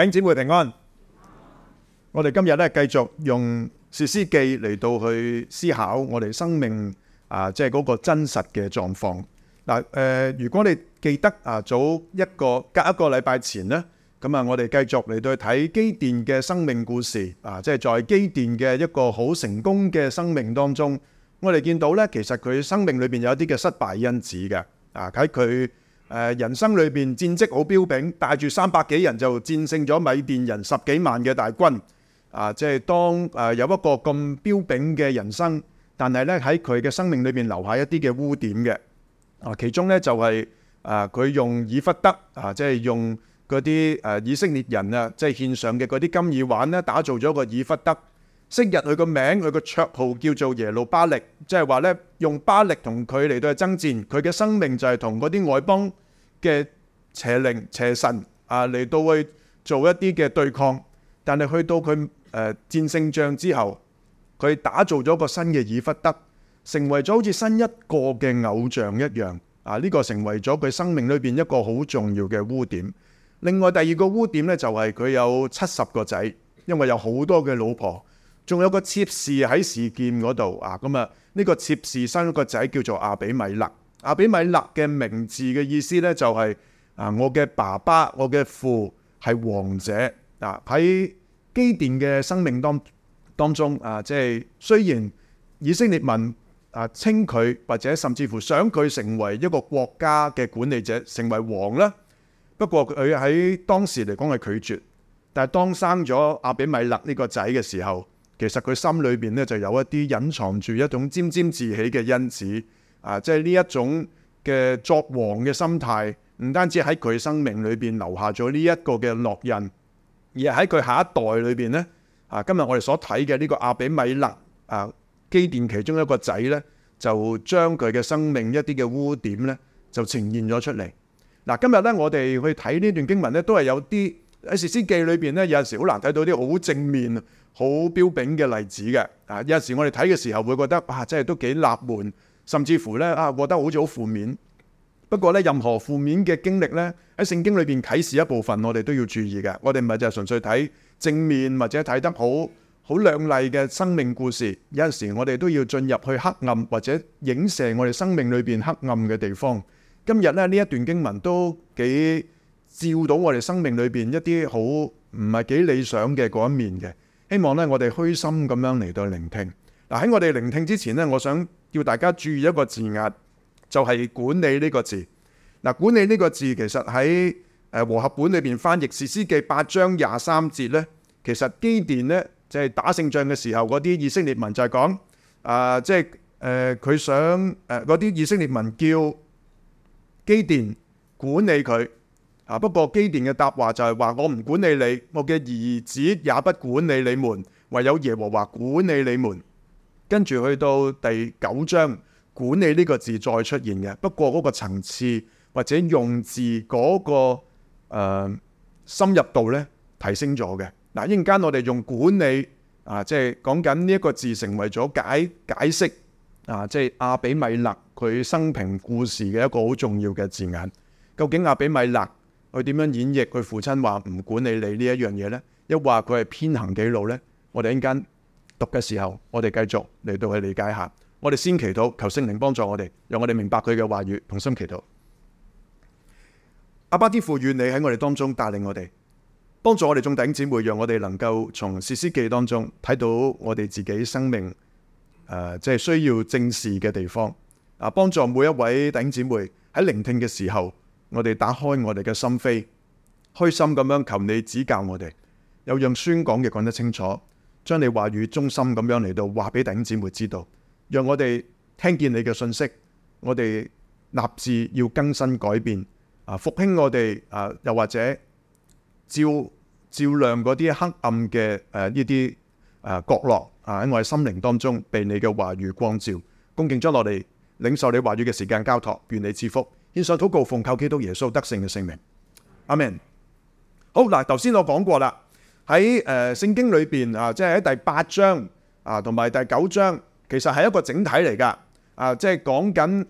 頂姊妹平安，我哋今日咧繼續用《士師記》嚟到去思考我哋生命啊，即係嗰個真實嘅狀況。嗱，誒，如果你記得啊，早一個隔一個禮拜前咧，咁啊，我哋繼續嚟到去睇基甸嘅生命故事啊，即係在基甸嘅一個好成功嘅生命當中，我哋見到咧，其實佢生命裏邊有一啲嘅失敗因子嘅啊，喺佢。誒人生裏邊戰績好彪炳，帶住三百幾人就戰勝咗米甸人十幾萬嘅大軍。啊，即係當誒有一個咁彪炳嘅人生，但係咧喺佢嘅生命裏邊留下一啲嘅污點嘅。啊，其中咧就係誒佢用以弗得，啊，即係用嗰啲誒以色列人啊，即係獻上嘅嗰啲金耳環咧，打造咗個以弗得。昔日佢個名，佢個綽號叫做耶路巴力，即係話咧用巴力同佢嚟到去爭戰。佢嘅生命就係同嗰啲外邦嘅邪靈、邪神啊嚟到去做一啲嘅對抗。但係去到佢誒、呃、戰勝仗之後，佢打造咗個新嘅以弗得，成為咗好似新一個嘅偶像一樣啊！呢、這個成為咗佢生命裏面一個好重要嘅污點。另外第二個污點咧就係、是、佢有七十個仔，因為有好多嘅老婆。仲有個妾侍喺示劍嗰度啊！咁啊，呢個妾侍生咗個仔叫做亞比米勒。亞比米勒嘅名字嘅意思呢、就係，就係啊，我嘅爸爸，我嘅父係王者啊！喺基甸嘅生命當當中啊，即、就、係、是、雖然以色列民啊稱佢或者甚至乎想佢成為一個國家嘅管理者，成為王啦，不過佢喺當時嚟講係拒絕。但係當生咗亞比米勒呢個仔嘅時候，其實佢心裏邊咧就有一啲隱藏住一種沾沾自喜嘅因子，啊，即係呢一種嘅作王嘅心態，唔單止喺佢生命裏邊留下咗呢一個嘅烙印，而係喺佢下一代裏邊咧，啊，今日我哋所睇嘅呢個亞比米勒啊，基甸其中一個仔咧，就將佢嘅生命一啲嘅污點咧，就呈現咗出嚟。嗱，啊，今日咧我哋去睇呢段經文咧，都係有啲。喺《士師記》裏邊咧，有陣時好難睇到啲好正面、好標炳嘅例子嘅。啊，有陣時我哋睇嘅時候會覺得，啊，真係都幾納悶，甚至乎咧啊，覺得好似好負面。不過咧，任何負面嘅經歷咧，喺聖經裏邊啟示一部分，我哋都要注意嘅。我哋唔係就係純粹睇正面或者睇得好好亮麗嘅生命故事。有陣時我哋都要進入去黑暗或者影射我哋生命裏邊黑暗嘅地方。今日咧呢一段經文都幾～照到我哋生命裏邊一啲好唔係幾理想嘅嗰一面嘅，希望咧我哋虛心咁樣嚟到聆聽。嗱，喺我哋聆聽之前咧，我想叫大家注意一個字眼，就係管理呢個字。嗱，管理呢個字其實喺誒和合本裏邊翻譯士師記八章廿三節咧，其實基甸咧即係打勝仗嘅時候，嗰啲以色列民就係講啊，即係誒佢想誒嗰啲以色列民叫基甸管理佢。啊！不過基甸嘅答話就係話我唔管理你，我嘅兒子也不管理你們，唯有耶和華管理你們。跟住去到第九章，管理呢個字再出現嘅，不過嗰個層次或者用字嗰個、那個、呃、深入度呢，提升咗嘅。嗱，一陣間我哋用管理啊，即、就、係、是、講緊呢一個字成為咗解解釋啊，即、就、係、是、亞比米勒佢生平故事嘅一個好重要嘅字眼。究竟亞比米勒，去點樣演繹佢父親話唔管理你呢一樣嘢呢？一話佢係偏行己路呢？我哋一陣間讀嘅時候，我哋繼續嚟到去理解一下。我哋先祈禱，求聖靈幫助我哋，讓我哋明白佢嘅話語。同心祈禱。阿爸天父，願你喺我哋當中帶領我哋，幫助我哋眾弟兄姊妹，讓我哋能夠從士師記當中睇到我哋自己生命誒，即、呃、係、就是、需要正視嘅地方。啊、呃，幫助每一位弟兄姊妹喺聆聽嘅時候。我哋打開我哋嘅心扉，開心咁樣求你指教我哋，又讓宣講嘅講得清楚，將你話語中心咁樣嚟到話俾弟兄姊妹知道，讓我哋聽見你嘅信息，我哋立志要更新改變，啊復興我哋啊，又或者照照亮嗰啲黑暗嘅誒呢啲誒角落啊，喺我哋心靈當中被你嘅話語光照，恭敬咗落嚟領受你話語嘅時間交託，願你賜福。獻上禱告，奉靠基督耶穌得勝嘅聖名，阿門。好嗱，頭先我講過啦，喺誒聖經裏邊啊，即係喺第八章啊，同埋第九章，其實係一個整體嚟噶啊，即係講緊誒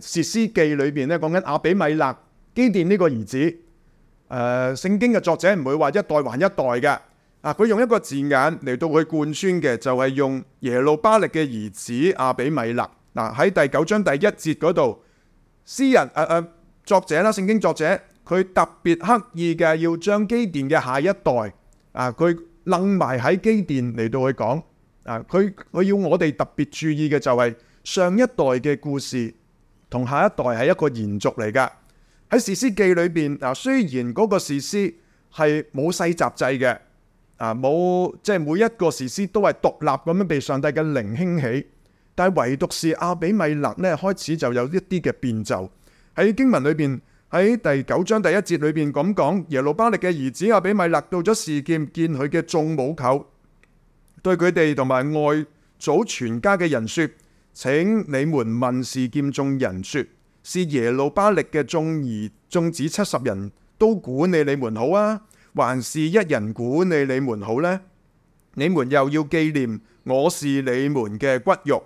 《士師記》裏邊咧，講緊亞比米勒基甸呢個兒子。誒，聖經嘅作者唔會話一代還一代嘅啊，佢用一個字眼嚟到去貫穿嘅，就係用耶路巴力嘅兒子亞比米勒，嗱喺第九章第一節嗰度。詩人誒誒、啊啊、作者啦，聖經作者，佢特別刻意嘅要將基甸嘅下一代啊，佢楞埋喺基甸嚟到去講啊，佢佢要我哋特別注意嘅就係上一代嘅故事同下一代係一個延續嚟㗎。喺士師記裏邊啊，雖然嗰個士師係冇世襲制嘅啊，冇，即係每一個士師都係獨立咁樣被上帝嘅靈興起。但唯獨是亞比米勒呢，開始就有一啲嘅變奏。喺經文裏邊，喺第九章第一節裏邊咁講：耶路巴力嘅兒子亞比米勒到咗示劍，見佢嘅眾母舅，對佢哋同埋外祖全家嘅人說：請你們問示劍眾人說，是耶路巴力嘅眾兒眾子七十人都管理你們好啊，還是一人管理你們好呢？你們又要紀念我是你們嘅骨肉。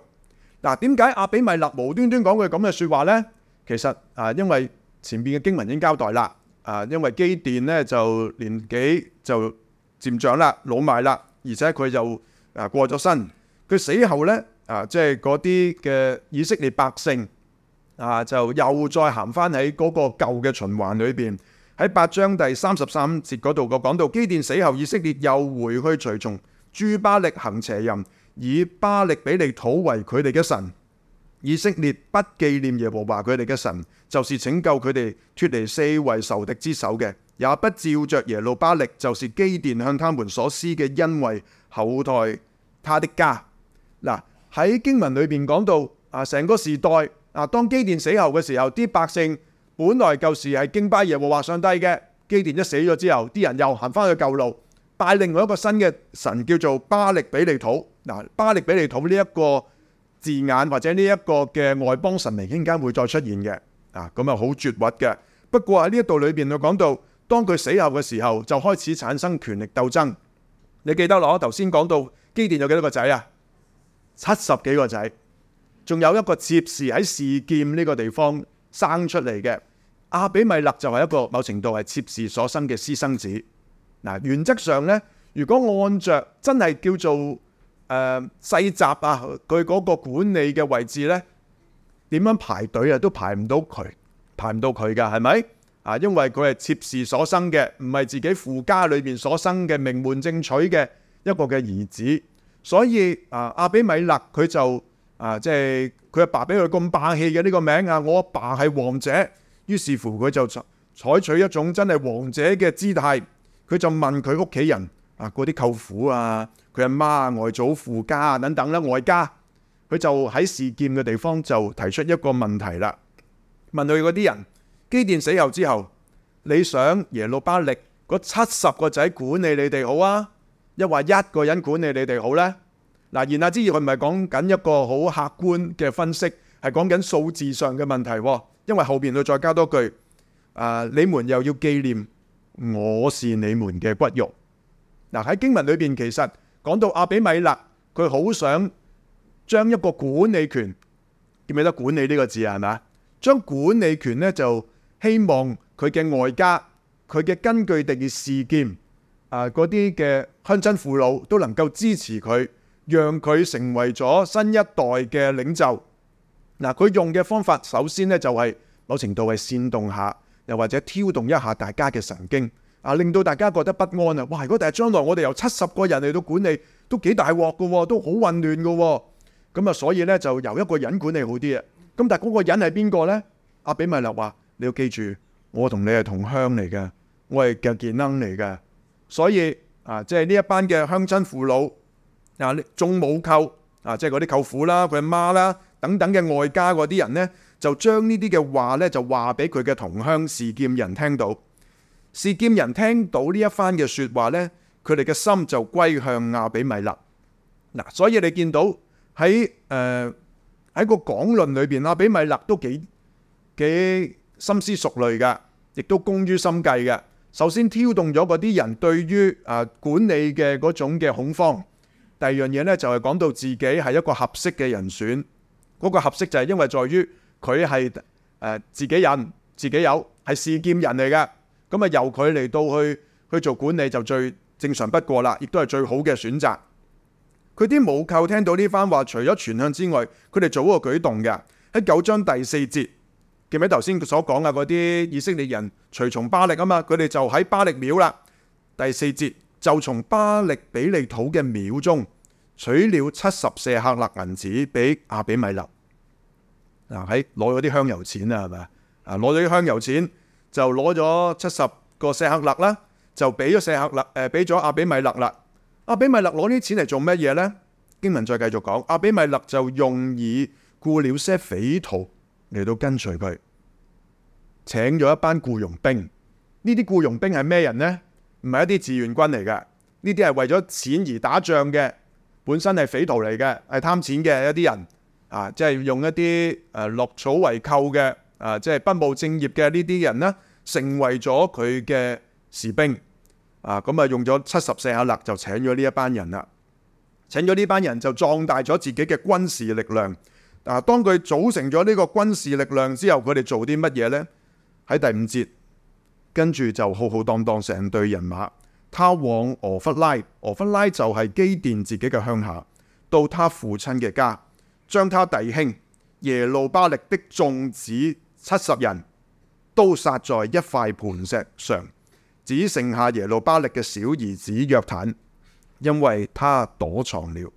嗱，點解、啊、阿比米勒無端端講句咁嘅説話呢？其實啊，因為前邊嘅經文已經交代啦，啊，因為基甸咧就年紀就漸長啦，老邁啦，而且佢就啊過咗身，佢死後咧啊，即係嗰啲嘅以色列百姓啊，就又再行翻喺嗰個舊嘅循環裏邊。喺八章第三十三節嗰度，我講到基甸死後，以色列又回去隨從諸巴力行邪淫。以巴力比利土為佢哋嘅神，以色列不紀念耶和華佢哋嘅神，就是拯救佢哋脫離四圍仇敵之手嘅，也不照着耶路巴力，就是基甸向他們所施嘅恩惠厚待他的家。嗱，喺經文裏面講到啊，成個時代啊，當基甸死後嘅時候，啲百姓本來舊時係敬拜耶和華上帝嘅，基甸一死咗之後，啲人又行翻去舊路，拜另外一個新嘅神叫做巴力比利土。嗱，巴力比利土呢一個字眼或者呢一個嘅外邦神明，應間會再出現嘅，啊，咁啊好絕核嘅。不過喺呢一度裏邊，佢講到當佢死後嘅時候，就開始產生權力鬥爭。你記得喇頭先講到基甸有幾多個仔啊？七十幾個仔，仲有一個妾侍喺示劍呢個地方生出嚟嘅。亞比米勒就係一個某程度係妾侍所生嘅私生子。嗱，原則上呢，如果按着真係叫做誒，西集啊，佢嗰個管理嘅位置呢，點樣排隊啊，都排唔到佢，排唔到佢噶，係咪？啊，因為佢係妾室所生嘅，唔係自己父家裏邊所生嘅名門正娶嘅一個嘅兒子，所以啊，阿比米勒佢就啊，即係佢阿爸俾佢咁霸氣嘅呢個名啊，我阿爸係王者，於是乎佢就採取一種真係王者嘅姿態，佢就問佢屋企人。啊！嗰啲舅父啊、佢阿媽啊、外祖父家啊等等啦，外家佢就喺示劍嘅地方就提出一個問題啦，問佢嗰啲人：基甸死後之後，你想耶路巴力嗰七十個仔管理你哋好啊，一話一個人管理你哋好呢？嗱、啊，言下之意，我唔係講緊一個好客觀嘅分析，係講緊數字上嘅問題、啊。因為後面佢再加多句：啊，你們又要紀念我是你們嘅骨肉。嗱，喺經文裏邊，其實講到阿比米勒，佢好想將一個管理權，記唔記得？管理呢個字係咪啊？將管理權咧，就希望佢嘅外家、佢嘅根據地嘅示劍啊，嗰啲嘅鄉親父老都能夠支持佢，讓佢成為咗新一代嘅領袖。嗱，佢用嘅方法，首先咧就係某程度係煽動一下，又或者挑動一下大家嘅神經。啊！令到大家覺得不安啊！哇！如果第日將來我哋由七十個人嚟到管理，都幾大鑊噶，都好混亂噶。咁啊，所以咧就由一個人管理好啲啊。咁但係嗰個人係邊個咧？阿、啊、比米勒話：你要記住，我同你係同鄉嚟嘅，我係腳健僆嚟嘅。所以啊，即係呢一班嘅鄉親父老啊，仲母舅啊，即係嗰啲舅父啦、佢媽啦等等嘅外家嗰啲人咧，就將呢啲嘅話咧就話俾佢嘅同鄉示劍人聽到。示劍人聽到呢一番嘅説話呢，佢哋嘅心就歸向亞比米勒嗱。所以你見到喺誒喺個講論裏邊啦，亞比米勒都幾幾深思熟慮嘅，亦都工於心計嘅。首先挑動咗嗰啲人對於啊、呃、管理嘅嗰種嘅恐慌，第二樣嘢呢，就係、是、講到自己係一個合適嘅人選，嗰、那個合適就係因為在於佢係誒自己人，自己有係示劍人嚟嘅。咁啊，由佢嚟到去去做管理就最正常不過啦，亦都係最好嘅選擇。佢啲母舅聽到呢番話，除咗傳向之外，佢哋做嗰個舉動嘅。喺九章第四節，記唔記得頭先所講啊？嗰啲以色列人隨從巴力啊嘛，佢哋就喺巴力廟啦。第四節就從巴力比利土嘅廟中取了七十舍客勒銀子俾阿比米勒。嗱喺攞咗啲香油錢啦，係咪啊？攞咗啲香油錢。就攞咗七十個舍客勒啦，就俾咗舍客勒，誒俾咗亞比米勒啦。亞比米勒攞啲錢嚟做咩嘢咧？經文再繼續講，亞比米勒就用以雇了些匪徒嚟到跟隨佢，請咗一班僱傭兵。呢啲僱傭兵係咩人咧？唔係一啲志願軍嚟嘅，呢啲係為咗錢而打仗嘅，本身係匪徒嚟嘅，係貪錢嘅一啲人啊，即係用一啲誒落草為寇嘅。啊，即、就、係、是、不務正業嘅呢啲人呢，成為咗佢嘅士兵啊！咁啊用咗七十四阿勒就請咗呢一班人啦，請咗呢班人就壯大咗自己嘅軍事力量。啊，當佢組成咗呢個軍事力量之後，佢哋做啲乜嘢呢？喺第五節，跟住就浩浩蕩蕩成隊人馬，他往俄弗拉，俄弗拉就係基甸自己嘅鄉下，到他父親嘅家，將他弟兄耶路巴力的眾子。七十人都殺在一塊磐石上，只剩下耶路巴力嘅小兒子約坦，因為他躲藏了。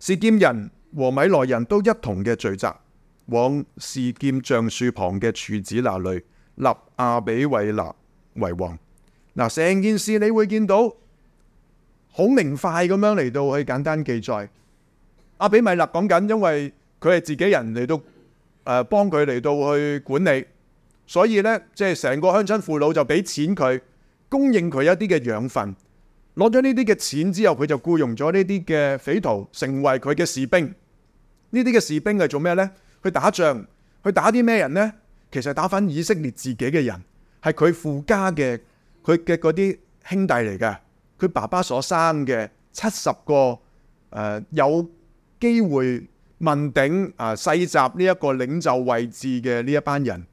示劍人和米內人都一同嘅聚集，往示劍橡樹旁嘅柱子那裏立亞比米勒為王。嗱，成件事你會見到好明快咁樣嚟到去簡單記載。阿比米勒講緊，因為佢係自己人嚟到。誒，幫佢嚟到去管理，所以呢，即係成個鄉親父老就俾錢佢，供應佢一啲嘅養分。攞咗呢啲嘅錢之後，佢就僱傭咗呢啲嘅匪徒，成為佢嘅士兵。呢啲嘅士兵係做咩呢？去打仗，去打啲咩人呢？其實打返以色列自己嘅人，係佢父家嘅，佢嘅嗰啲兄弟嚟嘅，佢爸爸所生嘅七十個誒、呃，有機會，問鼎啊，世襲呢一個領袖位置嘅呢一班人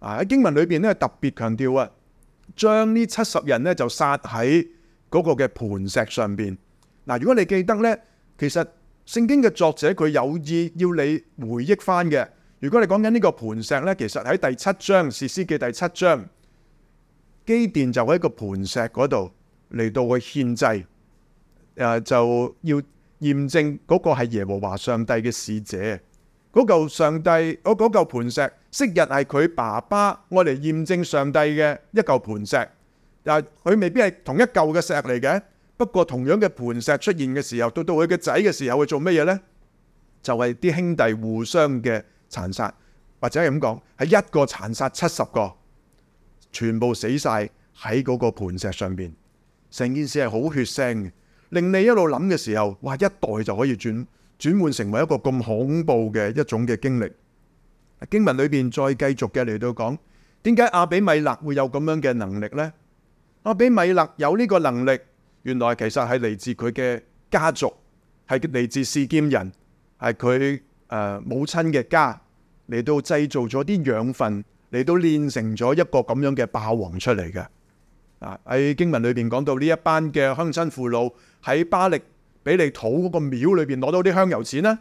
啊，喺經文裏邊咧特別強調啊，將呢七十人咧就殺喺嗰個嘅磐石上邊。嗱，如果你記得咧，其實聖經嘅作者佢有意要你回憶翻嘅。如果你講緊呢個磐石咧，其實喺第七章，士師記第七章，基甸就喺個磐石嗰度嚟到去獻祭，誒，就要。驗證嗰個係耶和華上帝嘅使者，嗰嚿上帝嗰嗰嚿磐石，昔日係佢爸爸，我嚟驗證上帝嘅一嚿磐石。但係佢未必係同一嚿嘅石嚟嘅，不過同樣嘅磐石出現嘅時候，到到佢嘅仔嘅時候，佢做乜嘢呢？就係、是、啲兄弟互相嘅殘殺，或者係咁講，係一個殘殺七十個，全部死晒喺嗰個磐石上邊，成件事係好血腥令你一路諗嘅時候，哇！一代就可以轉轉換成為一個咁恐怖嘅一種嘅經歷。經文裏邊再繼續嘅嚟到講，點解亞比米勒會有咁樣嘅能力呢？亞比米勒有呢個能力，原來其實係嚟自佢嘅家族，係嚟自示劍人，係佢誒母親嘅家嚟到製造咗啲養分嚟到煉成咗一個咁樣嘅霸王出嚟嘅。啊！喺經文裏邊講到呢一班嘅鄉親父老喺巴力比利土嗰個廟裏邊攞到啲香油錢呢，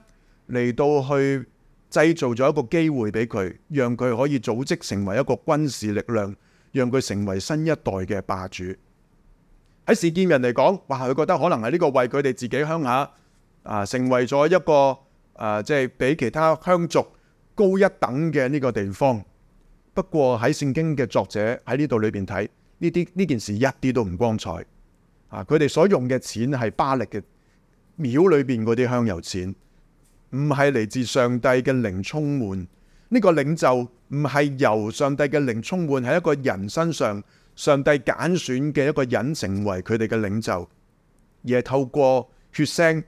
嚟到去製造咗一個機會俾佢，讓佢可以組織成為一個軍事力量，讓佢成為新一代嘅霸主。喺示劍人嚟講，哇！佢覺得可能係呢個為佢哋自己鄉下啊、呃，成為咗一個啊，即、呃、係、就是、比其他鄉族高一等嘅呢個地方。不過喺聖經嘅作者喺呢度裏邊睇。呢啲呢件事一啲都唔光彩啊！佢哋所用嘅錢係巴力嘅廟裏邊嗰啲香油錢，唔係嚟自上帝嘅靈充滿。呢個領袖唔係由上帝嘅靈充滿，喺一個人身上上帝揀選嘅一個人成為佢哋嘅領袖，而係透過血腥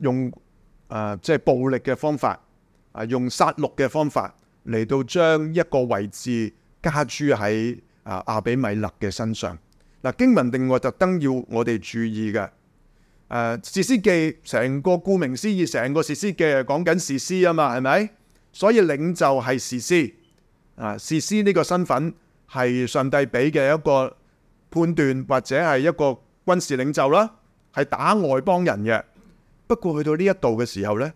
用，誒即係暴力嘅方法啊，用殺戮嘅方法嚟到將一個位置加諸喺。啊！阿比米勒嘅身上嗱，經文另外特登要我哋注意嘅，誒、啊，士師記成個顧名思義，成個士師記講緊士師啊嘛，係咪？所以領袖係士師，啊，士師呢個身份係上帝俾嘅一個判斷或者係一個軍事領袖啦，係打外邦人嘅。不過去到呢一度嘅時候呢，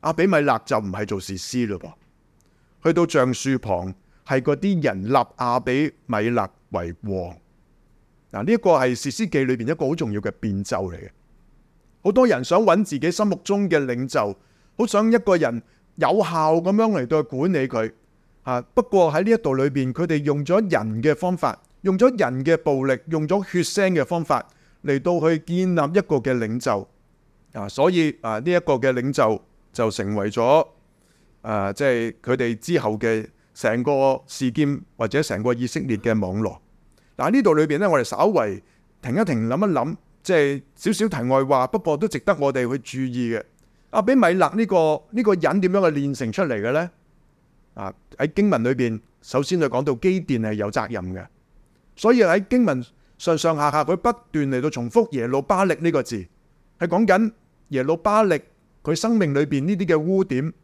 阿、啊、比米勒就唔係做士師嘞噃，去到橡樹旁。係嗰啲人立亞比米勒為王嗱，呢、這個、一個係士師記裏邊一個好重要嘅變奏嚟嘅。好多人想揾自己心目中嘅領袖，好想一個人有效咁樣嚟到管理佢啊。不過喺呢一度裏邊，佢哋用咗人嘅方法，用咗人嘅暴力，用咗血腥嘅方法嚟到去建立一個嘅領袖啊。所以啊，呢、這、一個嘅領袖就成為咗即係佢哋之後嘅。成個事件或者成個以色列嘅網絡，嗱，呢度裏邊咧，我哋稍微停一停，諗一諗，即係少少題外話，不過都值得我哋去注意嘅。阿、啊、比米勒呢個呢個人點樣去練成出嚟嘅呢？啊喺經文裏邊，首先就講到基甸係有責任嘅，所以喺經文上上下下佢不斷嚟到重複耶路巴力呢個字，係講緊耶路巴力佢生命裏邊呢啲嘅污點。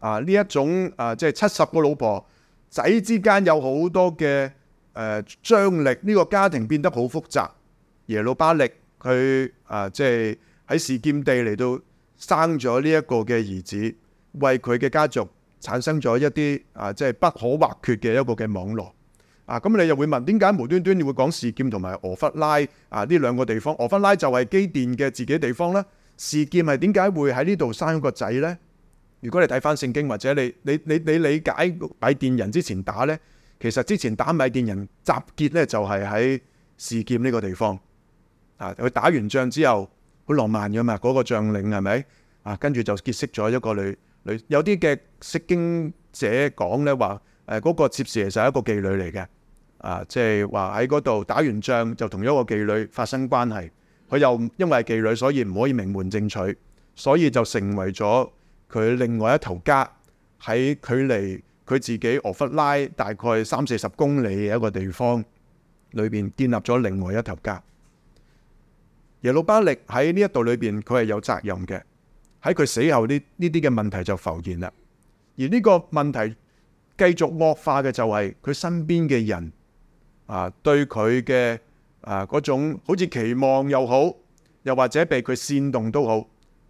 啊！呢一種啊，即係七十個老婆仔之間有好多嘅誒張力，呢個家庭變得好複雜。耶路巴力佢啊，即係喺示劍地嚟到生咗呢一個嘅兒子，為佢嘅家族產生咗一啲啊，即係不可或缺嘅一個嘅網絡。啊，咁你又會問點解無端端你會講示劍同埋俄弗拉啊，呢兩個地方，俄弗拉就係基甸嘅自己地方啦。示劍係點解會喺呢度生個仔咧？如果你睇翻聖經，或者你你你你理解米甸人之前打咧，其實之前打米甸人集結咧，就係、是、喺示劍呢個地方啊。佢打完仗之後好浪漫嘅嘛，嗰、那個將領係咪啊？跟住就結識咗一個女女。有啲嘅釋經者講咧話，誒嗰、呃那個妾侍其實係一個妓女嚟嘅啊，即係話喺嗰度打完仗就同一個妓女發生關係。佢又因為係妓女，所以唔可以名門正娶，所以就成為咗。佢另外一頭家喺距離佢自己俄弗拉大概三四十公里嘅一個地方裏邊建立咗另外一頭家。耶路巴力喺呢一度裏邊，佢係有責任嘅。喺佢死後，呢呢啲嘅問題就浮現啦。而呢個問題繼續惡化嘅就係佢身邊嘅人啊，對佢嘅啊嗰種好似期望又好，又或者被佢煽動都好，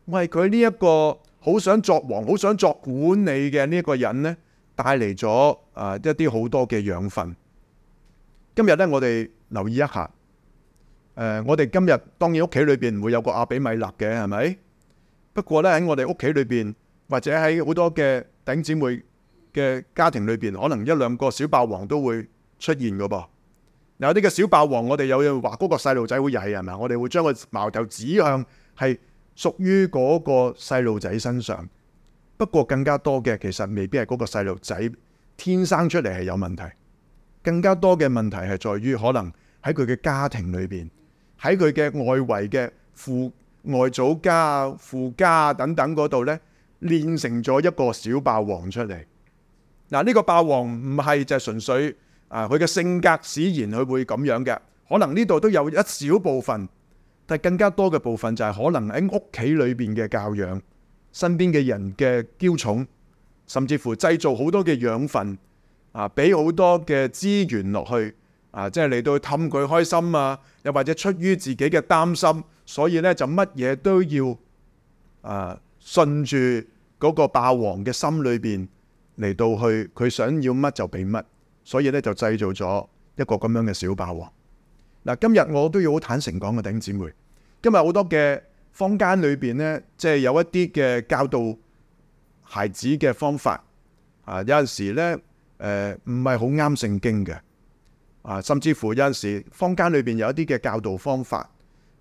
為佢呢一個。好想作王、好想作管理嘅呢一個人咧，帶嚟咗啊一啲好多嘅養分。今日咧，我哋留意一下。誒，我哋今日當然屋企裏邊會有個阿比米勒嘅，係咪？不過咧，喺我哋屋企裏邊，或者喺好多嘅弟兄姊妹嘅家庭裏邊，可能一兩個小霸王都會出現嘅噃。有啲嘅小霸王，我哋有嘢話，嗰個細路仔會曳，係咪？我哋會將個矛頭指向係。屬於嗰個細路仔身上，不過更加多嘅其實未必係嗰個細路仔天生出嚟係有問題，更加多嘅問題係在於可能喺佢嘅家庭裏邊，喺佢嘅外圍嘅父外祖家啊、父家啊等等嗰度呢，練成咗一個小霸王出嚟。嗱、啊，呢、呢個霸王唔係就純粹啊，佢嘅性格使然佢會咁樣嘅，可能呢度都有一小部分。但更加多嘅部分就係可能喺屋企裏邊嘅教養、身邊嘅人嘅嬌寵，甚至乎製造好多嘅養分啊，俾好多嘅資源落去啊，即係嚟到氹佢開心啊，又或者出於自己嘅擔心，所以咧就乜嘢都要啊順住嗰個霸王嘅心裏邊嚟到去，佢想要乜就俾乜，所以咧就製造咗一個咁樣嘅小霸王。嗱，今日我都要好坦誠講嘅，弟兄姊妹，今日好多嘅坊間裏邊咧，即係有一啲嘅教導孩子嘅方法，啊，有陣時咧，誒、呃，唔係好啱聖經嘅，啊，甚至乎有陣時坊間裏邊有一啲嘅教導方法，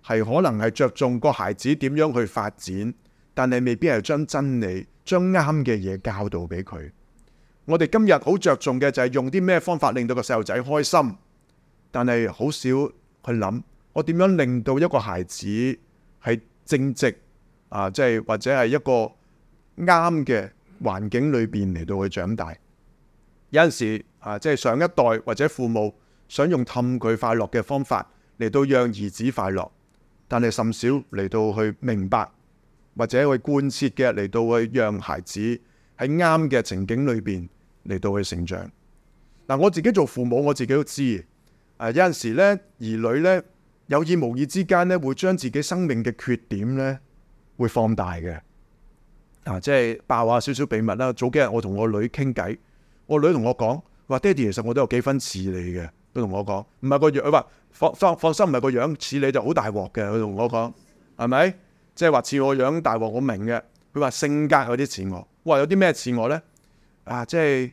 係可能係着重個孩子點樣去發展，但係未必係將真理、將啱嘅嘢教導俾佢。我哋今日好着重嘅就係用啲咩方法令到個細路仔開心。但係好少去諗，我點樣令到一個孩子係正直啊？即係或者係一個啱嘅環境裏邊嚟到去長大。有陣時啊，即係上一代或者父母想用氹佢快樂嘅方法嚟到讓兒子快樂，但係甚少嚟到去明白或者去貫徹嘅嚟到去讓孩子喺啱嘅情景裏邊嚟到去成長。嗱，啊，我自己做父母，我自己都知。誒、啊、有陣時咧，兒女咧有意無意之間咧，會將自己生命嘅缺點咧，會放大嘅。啊，即係爆下少少秘密啦。早幾日我同我女傾偈，我女同我講：話爹哋，其實我都有幾分似你嘅。佢同我講：唔係個,個樣，佢話放放放心，唔係個樣似你就好大鑊嘅。佢同我講：係咪？即係話似我樣大鑊，我明嘅。佢話性格有啲似我。哇我話有啲咩似我咧？啊，即係誒、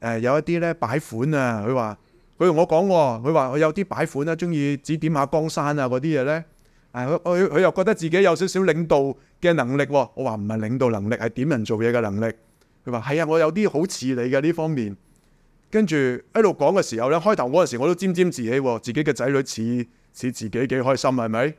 呃、有一啲咧擺款啊，佢話。佢同我講喎，佢話我有啲擺款啦，中意指點下江山啊嗰啲嘢咧，誒佢、佢又覺得自己有少少領導嘅能力喎。我話唔係領導能力，係點人做嘢嘅能力。佢話係啊，我有啲好似你嘅呢方面。跟住一路講嘅時候咧，開頭嗰陣時我都沾沾自喜喎，自己嘅仔女似似自己幾開心係咪？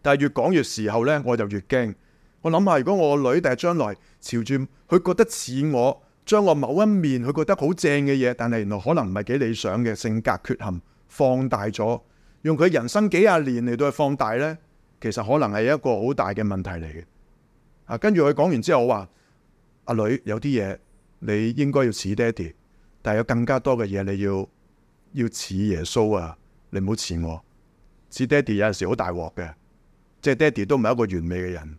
但係越講越時候咧，我就越驚。我諗下如果我個女第日將來朝住佢覺得似我。將我某一面佢覺得好正嘅嘢，但係原來可能唔係幾理想嘅性格缺陷放大咗，用佢人生幾十年嚟到去放大咧，其實可能係一個好大嘅問題嚟嘅。啊，跟住佢講完之後，我話：阿女，有啲嘢，你應該要似爹哋，但係有更加多嘅嘢你要要似耶穌啊！你唔好似我，似爹哋有陣時好大鑊嘅，即係爹哋都唔係一個完美嘅人。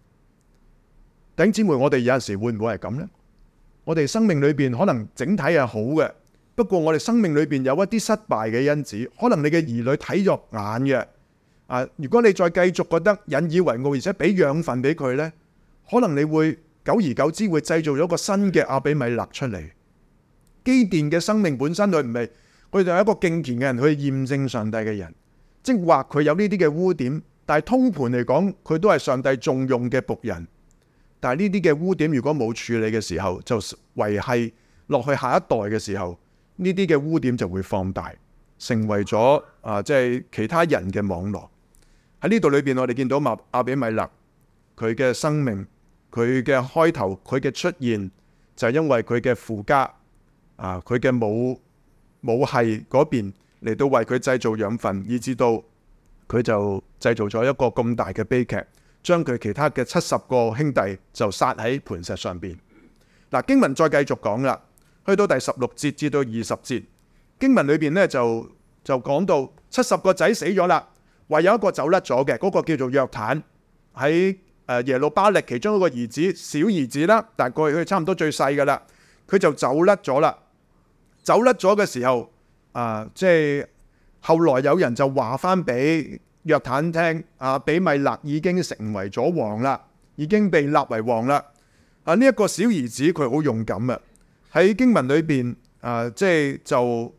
頂姊妹，我哋有陣時會唔會係咁咧？我哋生命裏邊可能整體係好嘅，不過我哋生命裏邊有一啲失敗嘅因子，可能你嘅兒女睇弱眼嘅，啊，如果你再繼續覺得引以為傲，而且俾養分俾佢呢，可能你會久而久之會製造咗個新嘅阿比米勒出嚟。基甸嘅生命本身佢唔係，佢就係一個敬虔嘅人去驗證上帝嘅人，即係話佢有呢啲嘅污點，但係通盤嚟講，佢都係上帝重用嘅僕人。但係呢啲嘅污點，如果冇處理嘅時候，就維繫落去下一代嘅時候，呢啲嘅污點就會放大，成為咗啊，即係其他人嘅網羅。喺呢度裏邊，我哋見到麥阿比米勒佢嘅生命，佢嘅開頭，佢嘅出現就係因為佢嘅父家，啊，佢嘅母母系嗰邊嚟到為佢製造養分，以至到佢就製造咗一個咁大嘅悲劇。將佢其他嘅七十個兄弟就殺喺磐石上邊。嗱，經文再繼續講啦，去到第十六節至到二十節，經文裏邊咧就就講到七十個仔死咗啦，唯有一個走甩咗嘅，嗰個叫做約坦，喺誒耶路巴力其中一個兒子，小兒子啦，但係佢佢差唔多最細噶啦，佢就走甩咗啦。走甩咗嘅時候，啊即係後來有人就話翻俾。約坦聽啊，比米勒已經成為咗王啦，已經被立為王啦。啊，呢、這、一個小兒子佢好勇敢啊！喺經文裏邊啊，即係就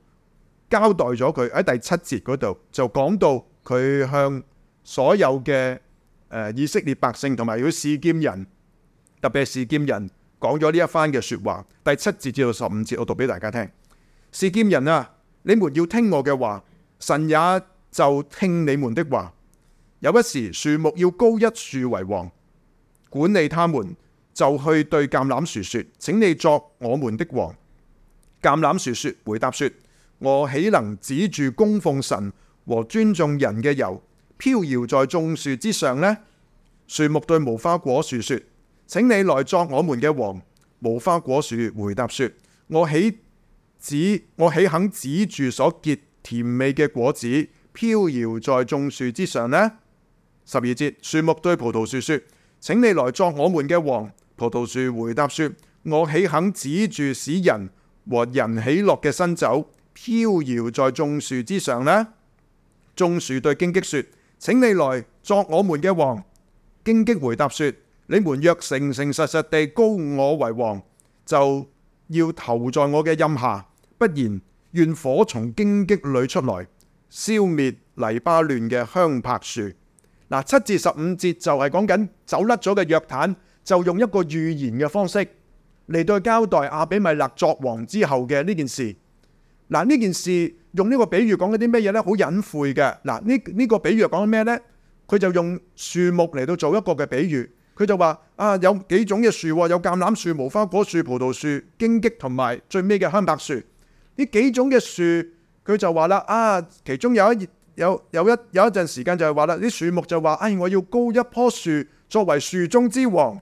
交代咗佢喺第七節嗰度就講到佢向所有嘅誒、啊、以色列百姓同埋佢示劍人，特別係示劍人講咗呢一番嘅說話。第七節至至到十五節，我讀俾大家聽。示劍人啊，你們要聽我嘅話，神也。就聽你們的話。有一時樹木要膏一樹為王，管理他們，就去對橄欖樹說，請你作我們的王。橄欖樹說：回答說，我豈能止住供奉神和尊重人嘅油飄搖在眾樹之上呢？樹木對無花果樹說，請你來作我們嘅王。無花果樹回答說：我豈止我豈肯止住所結甜美嘅果子？飄搖在眾樹之上呢？十二節，樹木對葡萄樹說：“請你來作我們嘅王。”葡萄樹回答說：“我豈肯止住使人和人喜樂嘅新酒，飄搖在眾樹之上呢？”眾樹對荊棘說：“請你來作我們嘅王。”荊棘回答說：“你們若誠誠實實地高我為王，就要投在我嘅蔭下；不然，願火從荊棘裏出來。”消滅黎巴嫩嘅香柏樹。嗱，七至十五節就係講緊走甩咗嘅約坦，就用一個預言嘅方式嚟到交代阿比米勒作王之後嘅呢件事。嗱，呢件事用呢個比喻講緊啲咩嘢呢？好隱晦嘅。嗱、呢個，呢、呢、呢個比喻講緊咩呢？佢就用樹木嚟到做一個嘅比喻。佢就話啊，有幾種嘅樹，有橄欖樹、無花果樹、葡萄樹、荊棘同埋最尾嘅香柏樹。呢幾種嘅樹。佢就話啦，啊，其中有一有有一有一陣時間就係話啦，啲樹木就話，唉，我要高一棵樹作為樹中之王。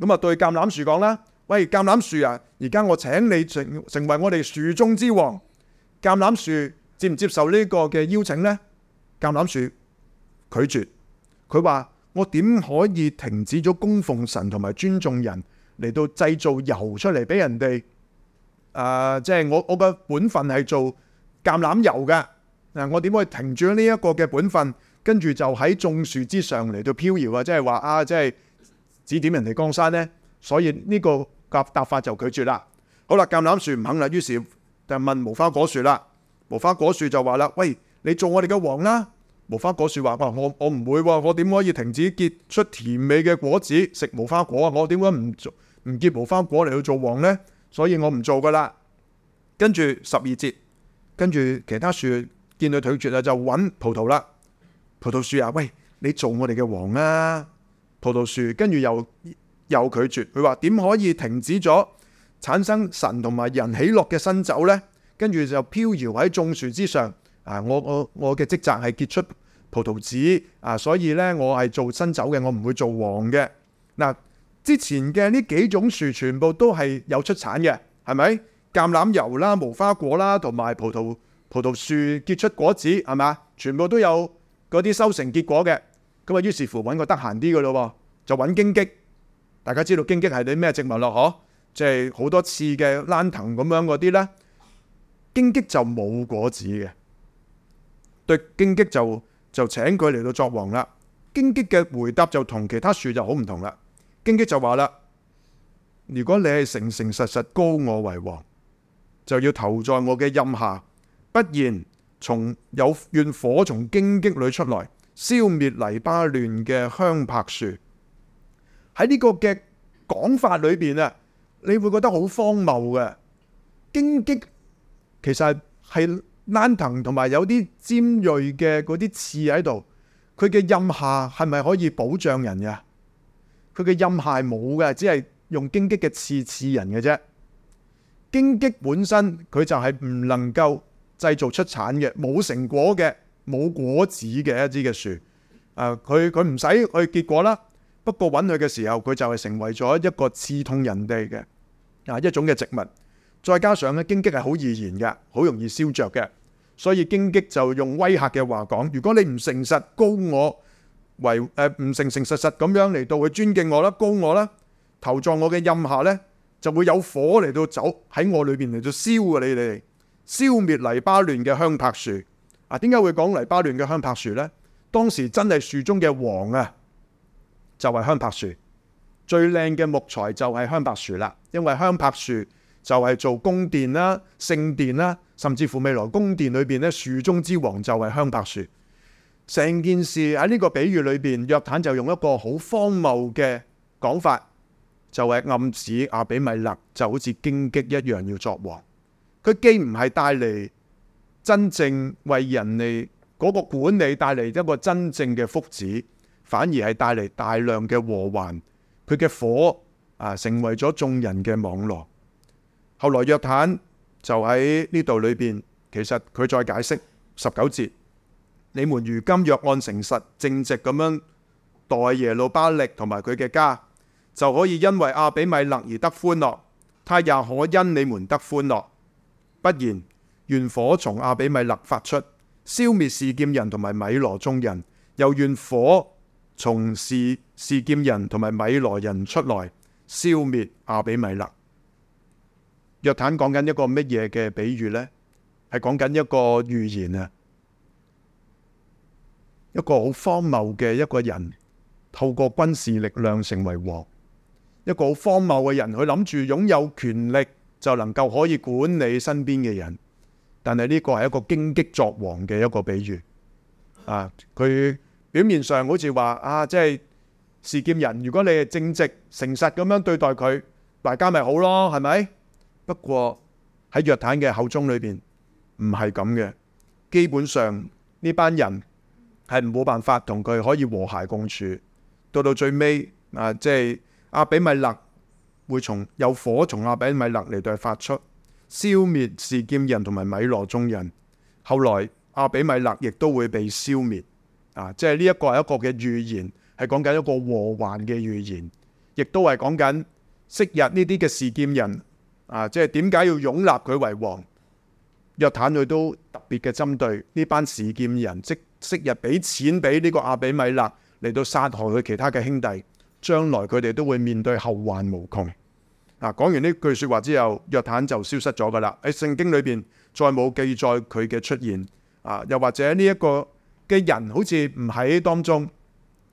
咁啊，對橄欖樹講啦，喂，橄欖樹啊，而家我請你成成為我哋樹中之王。橄欖樹接唔接受呢個嘅邀請呢？橄欖樹拒絕，佢話我點可以停止咗供奉神同埋尊重人嚟到製造油出嚟俾人哋？啊，即係我我個本分係做。橄欖油嘅，嗱，我點可以停住呢一個嘅本分，跟住就喺種樹之上嚟到飄搖啊？即係話啊，即係指點人哋江山呢。所以呢個答答法就拒絕啦。好啦，橄欖樹唔肯啦，於是就問無花果樹啦。無花果樹就話啦：「喂，你做我哋嘅王啦。」無花果樹話：「我我唔會喎，我點可以停止結出甜美嘅果子食無花果啊？我點解唔做唔結無花果嚟去做王呢？」所以我唔做噶啦。跟住十二節。跟住其他樹見到拒絕啦，就搵葡萄啦。葡萄樹啊，喂，你做我哋嘅王啊！葡萄樹，跟住又又拒絕。佢話點可以停止咗產生神同埋人喜樂嘅新酒咧？跟住就飄搖喺眾樹之上。啊，我我我嘅職責係結出葡萄子啊，所以咧我係做新酒嘅，我唔會做王嘅。嗱，之前嘅呢幾種樹全部都係有出產嘅，係咪？橄欖油啦、無花果啦，同埋葡萄葡萄樹結出果子，係咪？全部都有嗰啲收成結果嘅。咁啊，於是乎揾個得閒啲嘅咯，就揾荊棘。大家知道荊棘係啲咩植物咯？嗬，即係好多刺嘅蘭藤咁樣嗰啲呢。荊棘就冇果子嘅，對荊棘就就請佢嚟到作王啦。荊棘嘅回答就同其他樹就好唔同啦。荊棘就話啦：如果你係誠誠實實膏我為王。就要投在我嘅蔭下，不然從有怨火從荊棘裏出來，消滅黎巴嫩嘅香柏樹。喺呢個嘅講法裏邊啊，你會覺得好荒謬嘅。荊棘其實係係蘭藤同埋有啲尖銳嘅嗰啲刺喺度，佢嘅蔭下係咪可以保障人呀？佢嘅蔭下冇嘅，只係用荊棘嘅刺刺人嘅啫。荊棘本身佢就係唔能夠製造出產嘅，冇成果嘅，冇果子嘅一枝嘅樹。誒、啊，佢佢唔使去結果啦。不過揾佢嘅時候，佢就係成為咗一個刺痛人哋嘅啊一種嘅植物。再加上咧荊棘係好易燃嘅，好容易燒着嘅。所以荊棘就用威嚇嘅話講：「如果你唔誠實，高、呃唔誠誠實實，高我為誒唔誠誠實實咁樣嚟到去尊敬我啦，高我啦，投撞我嘅蔭下呢。」就會有火嚟到走喺我裏邊嚟到燒啊！你哋消滅黎巴嫩嘅香柏樹啊！點解會講黎巴嫩嘅香柏樹呢？當時真係樹中嘅王啊，就係、是、香柏樹，最靚嘅木材就係香柏樹啦。因為香柏樹就係做宮殿啦、啊、聖殿啦、啊，甚至乎未來宮殿裏邊咧樹中之王就係香柏樹。成件事喺呢個比喻裏邊，約坦就用一個好荒謬嘅講法。就係暗示阿比米勒就好似荊棘一樣要作王，佢既唔係帶嚟真正為人哋嗰個管理，帶嚟一個真正嘅福祉，反而係帶嚟大量嘅禍患。佢嘅火啊，成為咗眾人嘅網羅。後來約坦就喺呢度裏邊，其實佢再解釋十九節：你們如今若按誠實正直咁樣待耶路巴力同埋佢嘅家。就可以因為亞比米勒而得歡樂，他也可因你們得歡樂。不然，願火從亞比米勒發出，消滅示劍人同埋米羅眾人；又願火從示示劍人同埋米羅人出來，消滅亞比米勒。約坦講緊一個乜嘢嘅比喻呢？係講緊一個預言啊，一個好荒謬嘅一個人透過軍事力量成為王。一個好荒謬嘅人，佢諗住擁有權力就能夠可以管理身邊嘅人，但係呢個係一個荊棘作王嘅一個比喻。啊，佢表面上好似話啊，即係示劍人，如果你係正直誠實咁樣對待佢，大家咪好咯，係咪？不過喺約坦嘅口中裏邊唔係咁嘅，基本上呢班人係冇辦法同佢可以和諧共處，到到最尾啊，即係。阿比米勒會從有火從阿比米勒嚟到發出，消滅示劍人同埋米羅眾人。後來阿比米勒亦都會被消滅。啊，即係呢一個係一個嘅預言，係講緊一個禍患嘅預言，亦都係講緊昔日呢啲嘅示劍人。啊，即係點解要擁立佢為王？約坦佢都特別嘅針對呢班示劍人，即，即昔日俾錢俾呢個阿比米勒嚟到殺害佢其他嘅兄弟，將來佢哋都會面對後患無窮。啊，講完呢句說話之後，約坦就消失咗噶啦。喺聖經裏邊，再冇記載佢嘅出現。啊，又或者呢一個嘅人好似唔喺當中，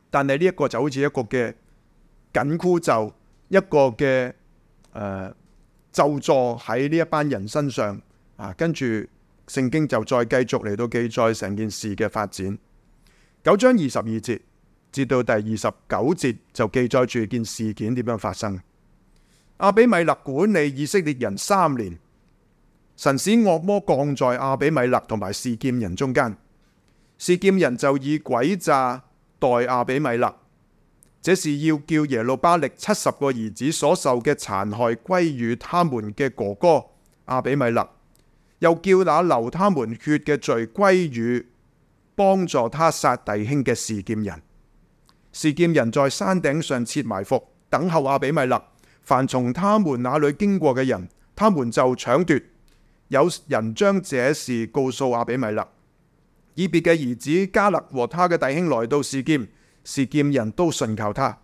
但係呢一個就好似一個嘅緊箍咒，一個嘅誒、啊、咒詛，喺呢一班人身上。啊，跟住聖經就再繼續嚟到記載成件事嘅發展。九章二十二節。至到第二十九節就記載住件事件點樣發生。亞比米勒管理以色列人三年，神使惡魔降在亞比米勒同埋示劍人中間，示劍人就以詭詐待亞比米勒。這是要叫耶路巴力七十個兒子所受嘅殘害歸於他們嘅哥哥，亞比米勒，又叫那流他們血嘅罪歸於幫助他殺弟兄嘅示劍人。士劍人在山頂上設埋伏，等候阿比米勒。凡從他們那裏經過嘅人，他們就搶奪。有人將這事告訴阿比米勒。以別嘅兒子迦勒和他嘅弟兄來到士劍，士劍人都信靠他。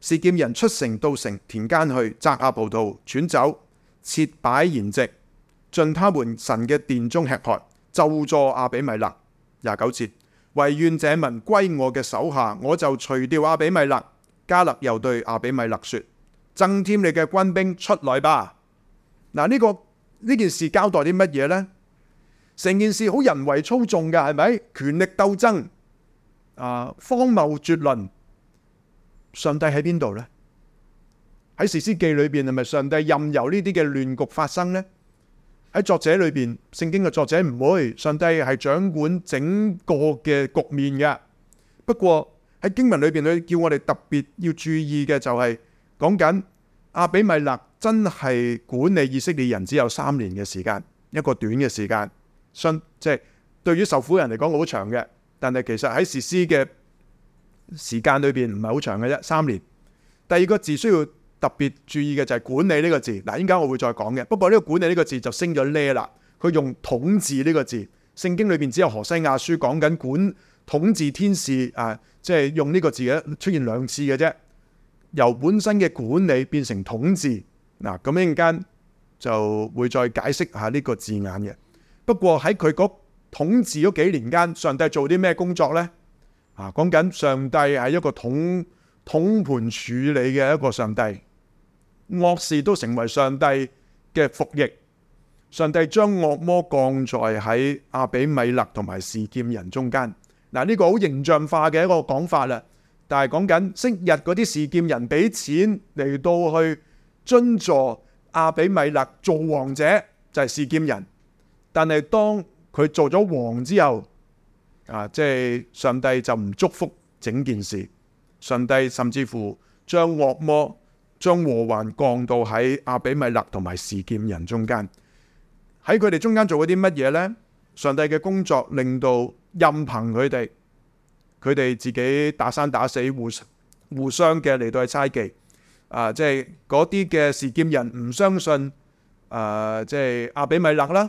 士劍人出城到城田間去摘下葡萄、踹酒，設擺筵席，進他們神嘅殿中吃喝，咒詛阿比米勒。廿九節。唯願這民歸我嘅手下，我就除掉阿比米勒。加勒又對阿比米勒說：增添你嘅軍兵出來吧。嗱、這個，呢個呢件事交代啲乜嘢呢？成件事好人為操縱嘅，係咪？權力鬥爭，啊，荒謬絕倫。上帝喺邊度呢？喺士師記裏邊係咪？是不是上帝任由呢啲嘅亂局發生呢？喺作者裏邊，聖經嘅作者唔會，上帝係掌管整個嘅局面嘅。不過喺經文裏邊，佢叫我哋特別要注意嘅就係講緊阿比米勒真係管理以色列人只有三年嘅時間，一個短嘅時間。信即係對於受苦人嚟講好長嘅，但係其實喺實施嘅時間裏邊唔係好長嘅啫，三年。第二個字需要。特別注意嘅就係管理呢個字，嗱，依家我會再講嘅。不過呢個管理呢個字就升咗呢啦，佢用統治呢個字，聖經裏邊只有何西亞書講緊管統治天使啊，即係用呢個字咧出現兩次嘅啫。由本身嘅管理變成統治，嗱、啊，咁一陣間就會再解釋下呢個字眼嘅。不過喺佢嗰統治嗰幾年間，上帝做啲咩工作呢？啊，講緊上帝係一個統統盤處理嘅一個上帝。惡事都成為上帝嘅服役，上帝將惡魔降在喺亞比米勒同埋示劍人中間。嗱，呢個好形象化嘅一個講法啦。但係講緊昔日嗰啲示劍人俾錢嚟到去尊助亞比米勒做王者，就係示劍人。但係當佢做咗王之後，啊，即係上帝就唔祝福整件事。上帝甚至乎將惡魔。將禍患降到喺亞比米勒同埋示劍人中間，喺佢哋中間做咗啲乜嘢呢？上帝嘅工作令到任憑佢哋，佢哋自己打生打死，互互相嘅嚟到去猜忌。啊，即係嗰啲嘅示劍人唔相信啊，即係亞比米勒啦。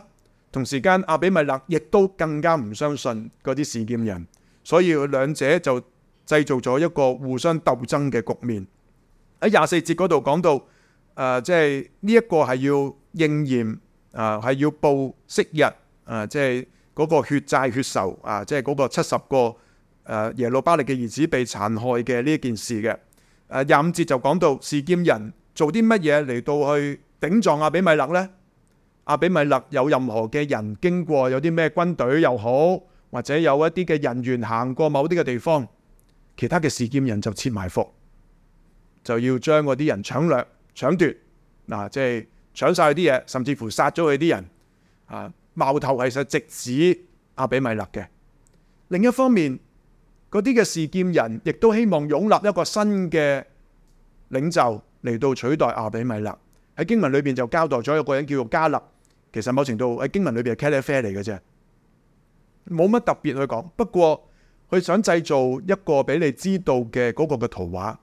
同時間，亞比米勒亦都更加唔相信嗰啲示劍人，所以佢兩者就製造咗一個互相鬥爭嘅局面。喺廿四節嗰度講到，誒即係呢一個係要應驗，誒、呃、係要報昔日，誒即係嗰個血債血仇，啊即係嗰個七十個誒、呃、耶路巴力嘅兒子被殘害嘅呢一件事嘅。誒廿五節就講到，示劍人做啲乜嘢嚟到去頂撞阿比米勒咧？阿比米勒有任何嘅人經過，有啲咩軍隊又好，或者有一啲嘅人員行過某啲嘅地方，其他嘅示劍人就設埋伏。就要將嗰啲人搶掠、搶奪，嗱、啊，即、就、係、是、搶晒佢啲嘢，甚至乎殺咗佢啲人。啊，矛頭係想直指阿比米勒嘅。另一方面，嗰啲嘅示劍人亦都希望擁立一個新嘅領袖嚟到取代阿比米勒。喺經文裏邊就交代咗有個人叫做迦勒，其實某程度喺經文裏邊係 Caleb 嚟嘅啫，冇乜特別去講。不過佢想製造一個俾你知道嘅嗰個嘅圖畫。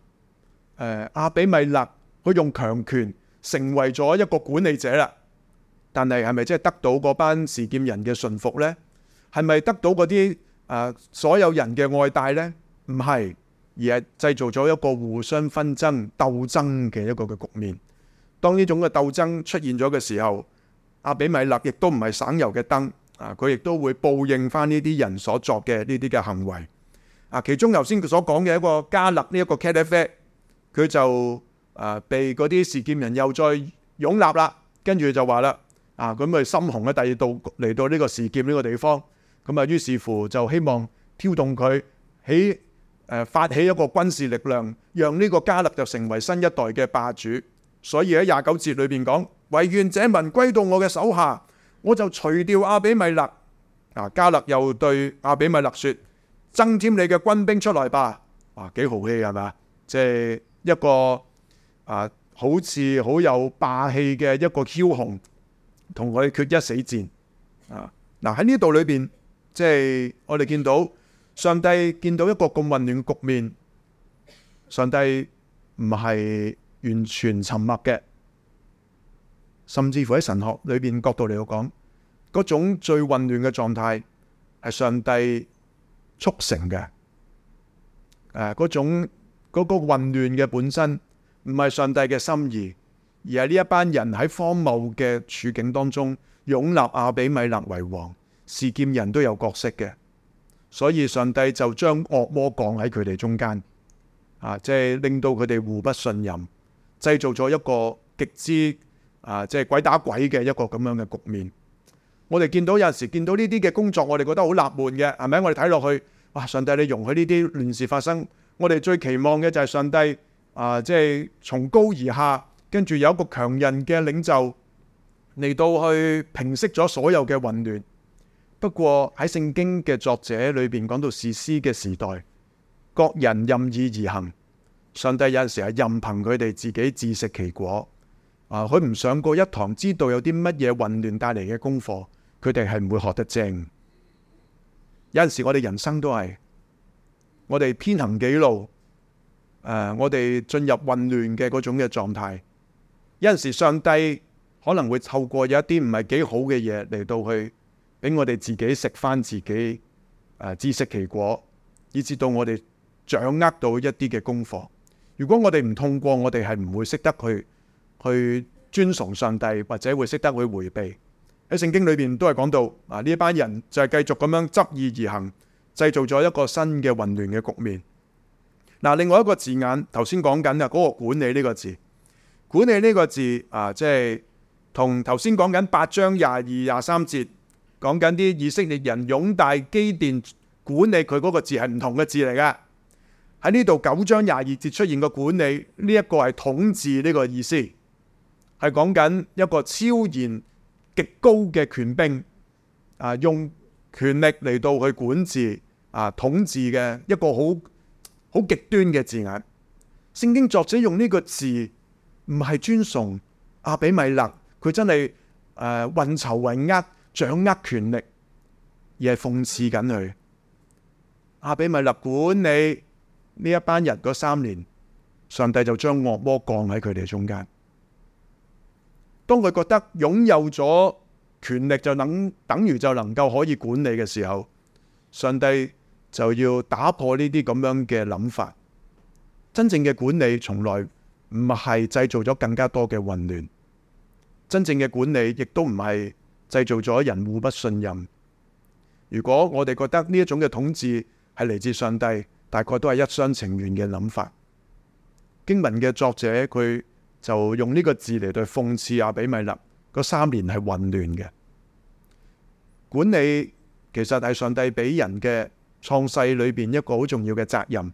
誒阿、啊、比米勒佢用強權成為咗一個管理者啦，但係係咪即係得到嗰班事件人嘅順服呢？係咪得到嗰啲誒所有人嘅愛戴呢？唔係，而係製造咗一個互相紛爭鬥爭嘅一個嘅局面。當呢種嘅鬥爭出現咗嘅時候，阿、啊、比米勒亦都唔係省油嘅燈啊！佢亦都會報應翻呢啲人所作嘅呢啲嘅行為啊！其中頭先佢所講嘅一個加勒呢一個 cat effect 佢就誒被嗰啲示劍人又再擁立啦，跟住就話啦，啊咁咪深紅嘅第二度嚟到呢個示劍呢個地方，咁啊於是乎就希望挑動佢起誒、啊、發起一個軍事力量，讓呢個加勒就成為新一代嘅霸主。所以喺廿九節裏面講，惟願這民歸到我嘅手下，我就除掉阿比米勒。啊，加勒又對阿比米勒說增添你嘅軍兵出來吧。啊，幾豪氣係咪？即、就是一個啊，好似好有霸氣嘅一個梟雄，同佢決一死戰啊！嗱，喺呢度裏邊，即係我哋見到上帝見到一個咁混亂嘅局面，上帝唔係完全沉默嘅，甚至乎喺神學裏邊角度嚟講，嗰種最混亂嘅狀態係上帝促成嘅，誒嗰種。嗰個混亂嘅本身唔係上帝嘅心意，而係呢一班人喺荒謬嘅處境當中擁立亞比米勒為王，事件人都有角色嘅，所以上帝就將惡魔降喺佢哋中間，啊，即係令到佢哋互不信任，製造咗一個極之啊，即係鬼打鬼嘅一個咁樣嘅局面。我哋見到有陣時見到呢啲嘅工作，我哋覺得好納悶嘅，係咪？我哋睇落去，哇、啊！上帝，你容許呢啲亂事發生？我哋最期望嘅就係上帝啊，即係從高而下，跟住有一個強人嘅領袖嚟到去平息咗所有嘅混亂。不過喺聖經嘅作者裏邊講到士師嘅時代，各人任意而行，上帝有陣時係任憑佢哋自己自食其果啊！佢唔上過一堂，知道有啲乜嘢混亂帶嚟嘅功課，佢哋係唔會學得正。有陣時我哋人生都係。我哋偏行己路，誒、啊，我哋進入混亂嘅嗰種嘅狀態，有陣時上帝可能會透過有一啲唔係幾好嘅嘢嚟到去俾我哋自己食翻自己，誒、啊，自食其果，以至到我哋掌握到一啲嘅功課。如果我哋唔痛過，我哋係唔會識得去去尊崇上帝，或者會識得去回避。喺聖經裏邊都係講到，啊，呢一班人就係繼續咁樣執意而行。製造咗一個新嘅混亂嘅局面。嗱，另外一個字眼，頭先講緊啦，嗰個管理呢個字，管理呢個字啊，即係同頭先講緊八章廿二廿三節講緊啲以色列人擁戴基甸管理佢嗰個字係唔同嘅字嚟嘅。喺呢度九章廿二節出現嘅管理呢一個係統治呢個意思，係講緊一個超然極高嘅權柄啊，用權力嚟到去管治、啊統治嘅一個好好極端嘅字眼，聖經作者用呢個字唔係尊崇阿比米勒，佢真係誒運籌帷幄掌握權力，而係諷刺緊佢阿比米勒管理呢一班人嗰三年，上帝就將惡魔降喺佢哋中間。當佢覺得擁有咗。權力就等等於就能夠可以管理嘅時候，上帝就要打破呢啲咁樣嘅諗法。真正嘅管理從來唔係製造咗更加多嘅混亂，真正嘅管理亦都唔係製造咗人互不信任。如果我哋覺得呢一種嘅統治係嚟自上帝，大概都係一廂情願嘅諗法。經文嘅作者佢就用呢個字嚟對諷刺亞比米勒。個三年係混亂嘅管理，其實係上帝俾人嘅創世裏邊一個好重要嘅責任。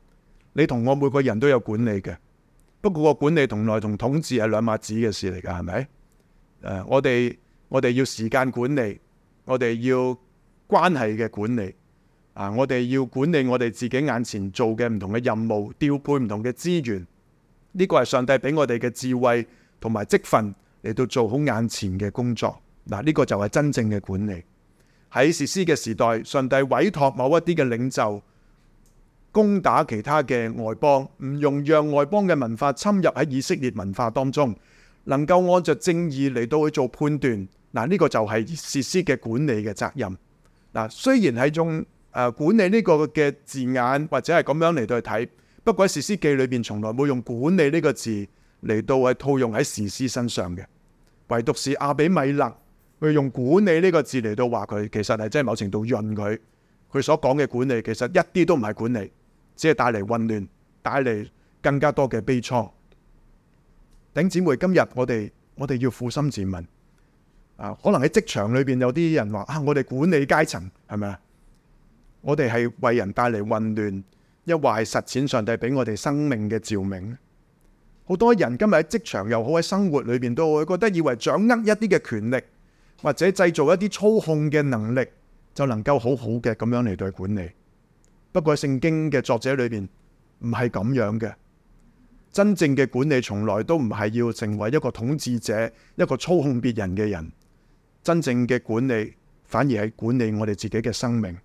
你同我每個人都有管理嘅，不過個管理同內、同統治係兩碼子嘅事嚟㗎，係咪？誒、呃，我哋我哋要時間管理，我哋要關係嘅管理啊、呃，我哋要管理我哋自己眼前做嘅唔同嘅任務，調配唔同嘅資源。呢、這個係上帝俾我哋嘅智慧同埋職分。嚟到做好眼前嘅工作，嗱、這、呢個就係真正嘅管理。喺士師嘅時代，上帝委託某一啲嘅領袖攻打其他嘅外邦，唔用讓外邦嘅文化侵入喺以色列文化當中，能夠按着正義嚟到去做判斷，嗱、這、呢個就係士師嘅管理嘅責任。嗱，雖然係用誒管理呢個嘅字眼或者係咁樣嚟到去睇，不過喺士師記裏邊從來冇用管理呢個字。嚟到係套用喺士師身上嘅，唯獨是亞比米勒，佢用管理呢個字嚟到話佢，其實係真係某程度潤佢。佢所講嘅管理，其實一啲都唔係管理，只係帶嚟混亂，帶嚟更加多嘅悲愴。頂姊妹，今日我哋我哋要撫心自問啊，可能喺職場裏邊有啲人話啊，我哋管理階層係咪啊？我哋係為人帶嚟混亂，抑或係實踐上帝俾我哋生命嘅照明。好多人今日喺職場又好喺生活裏邊都會覺得以為掌握一啲嘅權力或者製造一啲操控嘅能力，就能夠好好嘅咁樣嚟對管理。不過聖經嘅作者裏邊唔係咁樣嘅，真正嘅管理從來都唔係要成為一個統治者、一個操控別人嘅人。真正嘅管理反而係管理我哋自己嘅生命。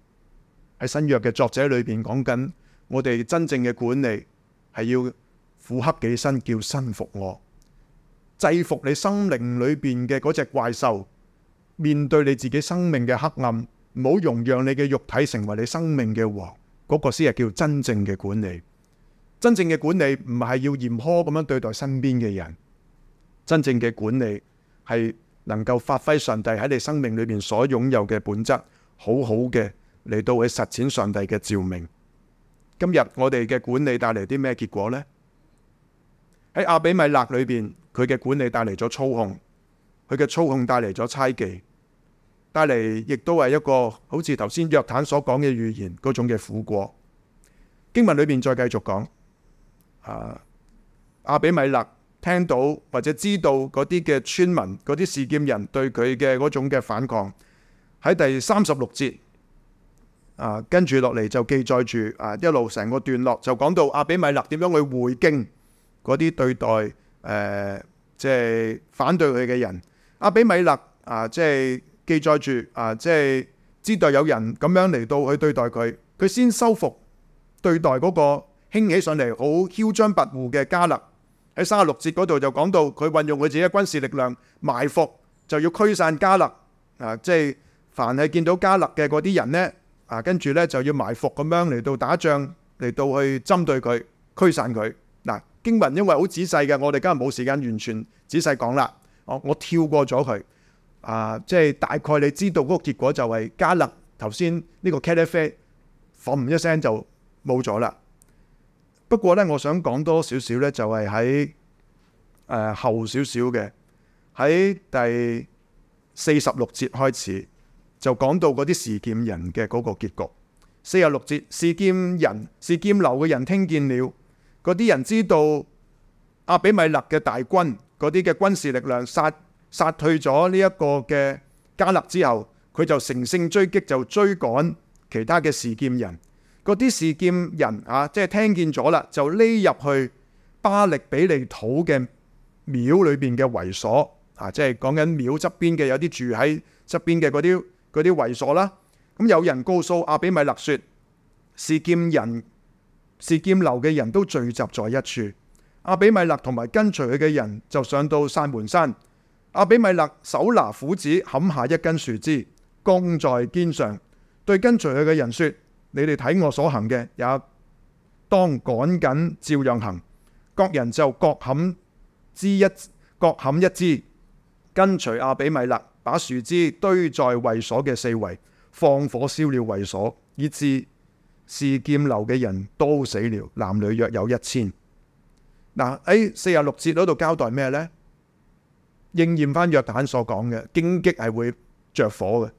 喺新約嘅作者裏邊講緊，我哋真正嘅管理係要攻克己身，叫身服我，制服你生靈裏邊嘅嗰隻怪獸。面對你自己生命嘅黑暗，唔好容讓你嘅肉體成為你生命嘅王。嗰個先係叫真正嘅管理。真正嘅管理唔係要嚴苛咁樣對待身邊嘅人。真正嘅管理係能夠發揮上帝喺你生命裏邊所擁有嘅本質，好好嘅嚟到去實踐上帝嘅照明。今日我哋嘅管理帶嚟啲咩結果呢？喺阿比米勒裏邊，佢嘅管理帶嚟咗操控，佢嘅操控帶嚟咗猜忌，帶嚟亦都係一個好似頭先約坦所講嘅預言嗰種嘅苦果。經文裏面再繼續講，啊，阿比米勒聽到或者知道嗰啲嘅村民嗰啲示劍人對佢嘅嗰種嘅反抗，喺第三十六節，啊，跟住落嚟就記載住啊，一路成個段落就講到阿比米勒點樣去回敬。嗰啲對待誒，即、呃、係、就是、反對佢嘅人。阿比米勒啊，即、就、係、是、記載住啊，即、就、係、是、知道有人咁樣嚟到去對待佢。佢先收復對待嗰個興起上嚟好囂張跋扈嘅加勒。喺三十六節嗰度就講到佢運用佢自己嘅軍事力量埋伏，就要驅散加勒啊！即、就、係、是、凡係見到加勒嘅嗰啲人呢，啊，跟住呢就要埋伏咁樣嚟到打仗，嚟到去針對佢驅散佢嗱。啊。經文因為好仔細嘅，我哋今日冇時間完全仔細講啦。我我跳過咗佢啊，即、呃、係、就是、大概你知道嗰個結果就係加勒頭先呢個 catapher，嘣一聲就冇咗啦。不過呢，我想講多少少呢，就係喺誒後少少嘅喺第四十六節開始，就講到嗰啲示劍人嘅嗰個結局。四十六節，示劍人示劍樓嘅人聽見了。嗰啲人知道阿比米勒嘅大軍嗰啲嘅軍事力量殺殺退咗呢一個嘅加勒之後，佢就乘勝追擊，就追趕其他嘅示劍人。嗰啲示劍人啊，即係聽見咗啦，就匿入去巴力比利土嘅廟裏邊嘅圍所啊，即係講緊廟側邊嘅有啲住喺側邊嘅嗰啲嗰啲圍所啦。咁有人告訴阿比米勒說示劍人。事劍流嘅人都聚集在一處，阿比米勒同埋跟隨佢嘅人就上到撒們山。阿比米勒手拿斧子，砍下一根樹枝，扛在肩上，對跟隨佢嘅人說：你哋睇我所行嘅，也當趕緊照樣行。各人就各砍枝一，各砍一支，跟隨阿比米勒把樹枝堆在衛所嘅四圍，放火燒了衛所，以致。示劍樓嘅人都死了，男女約有一千。嗱喺四十六節嗰度交代咩呢？應驗翻約坦所講嘅，荊棘係會着火嘅、